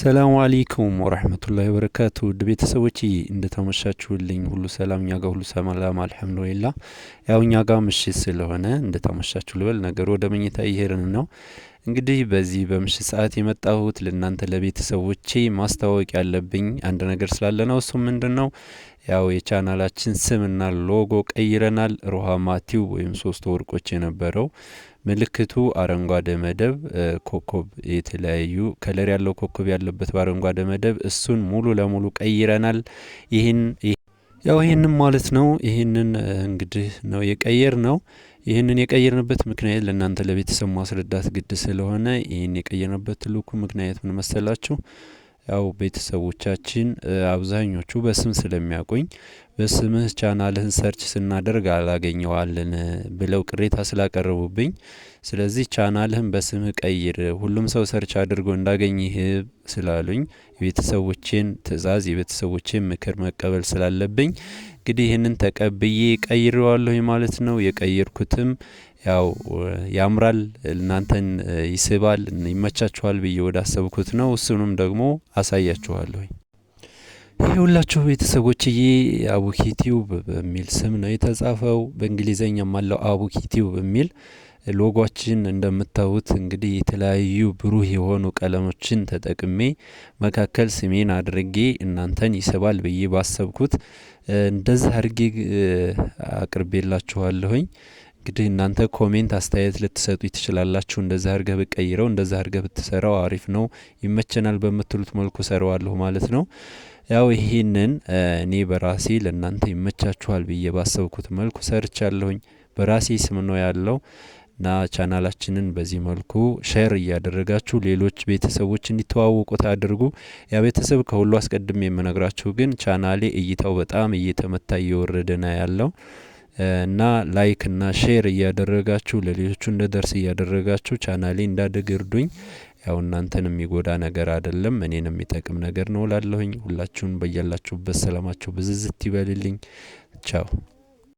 ሰላሙ አለይኩም ወረህመቱላሂ ወበረካቱ ውድ ቤተሰቦች እንደተመሻችሁልኝ ሁሉ ሰላም፣ እኛ ጋር ሁሉ ሰላም አልሐምዱሊላ። ያው እኛ ጋር ምሽት ስለሆነ እንደተመሻችሁ ልበል። ነገሩ ወደ መኝታ እየሄድን ነው። እንግዲህ በዚህ በምሽት ሰዓት የመጣሁት ለእናንተ ለቤተሰቦቼ ማስታወቅ ያለብኝ አንድ ነገር ስላለ ነው። እሱም ምንድን ነው? ያው የቻናላችን ስምና ሎጎ ቀይረናል። ሮሃ ማቲው ወይም ሶስት ወርቆች የነበረው ምልክቱ አረንጓዴ መደብ ኮከብ የተለያዩ ከለር ያለው ኮከብ ያለበት በአረንጓዴ መደብ እሱን ሙሉ ለሙሉ ቀይረናል። ይህን ያው ይህንም ማለት ነው። ይህንን እንግዲህ ነው የቀየር ነው። ይህንን የቀየርንበት ምክንያት ለእናንተ ለቤተሰብ ማስረዳት ግድ ስለሆነ ይህን የቀየርንበት ትልቁ ምክንያት ምን መሰላችሁ? ያው ቤተሰቦቻችን አብዛኞቹ በስም ስለሚያውቁኝ በስምህ ቻናልህን ሰርች ስናደርግ አላገኘዋልን ብለው ቅሬታ ስላቀረቡብኝ፣ ስለዚህ ቻናልህን በስምህ ቀይር፣ ሁሉም ሰው ሰርች አድርጎ እንዳገኝህ ስላሉኝ የቤተሰቦቼን ትዕዛዝ የቤተሰቦቼን ምክር መቀበል ስላለብኝ እንግዲህ ይህንን ተቀብዬ ቀይሬዋለሁኝ ማለት ነው። የቀየርኩትም ያው ያምራል፣ እናንተን ይስባል፣ ይመቻችኋል ብዬ ወዳሰብኩት ነው። እሱንም ደግሞ አሳያችኋለሁኝ። የሁላችሁ ሁላችሁ ቤተሰቦችዬ አቡኪ ቲዩብ በሚል ስም ነው የተጻፈው። በእንግሊዘኛም አለው አቡኪ ቲዩብ የሚል ሎጓችን እንደምታዩት እንግዲህ የተለያዩ ብሩህ የሆኑ ቀለሞችን ተጠቅሜ መካከል ስሜን አድርጌ እናንተን ይስባል ብዬ ባሰብኩት እንደዚህ አድርጌ አቅርቤላችኋለሁኝ። እንግዲህ እናንተ ኮሜንት አስተያየት ልትሰጡ ትችላላችሁ። እንደዛ አድርገህ ብቀይረው፣ እንደዛ አድርገህ ብትሰራው አሪፍ ነው፣ ይመቸናል በምትሉት መልኩ ሰረዋለሁ ማለት ነው። ያው ይህንን እኔ በራሴ ለእናንተ ይመቻችኋል ብዬ ባሰብኩት መልኩ ሰርቻለሁኝ። በራሴ ስም ነው ያለው እና ቻናላችንን በዚህ መልኩ ሼር እያደረጋችሁ ሌሎች ቤተሰቦች እንዲተዋወቁት አድርጉ። ያ ቤተሰብ ከሁሉ አስቀድሜ የምነግራችሁ ግን ቻናሌ እይታው በጣም እየተመታ እየወረደ ነው ያለው። እና ላይክ እና ሼር እያደረጋችሁ ለሌሎቹ እንደደርስ እያደረጋችሁ ቻናሌ እንዳድግ እርዱኝ። ያው እናንተን የሚጎዳ ነገር አይደለም፣ እኔን የሚጠቅም ነገር ነው ላለሁኝ። ሁላችሁን በያላችሁበት ሰላማችሁ ብዝዝት ይበልልኝ። ቻው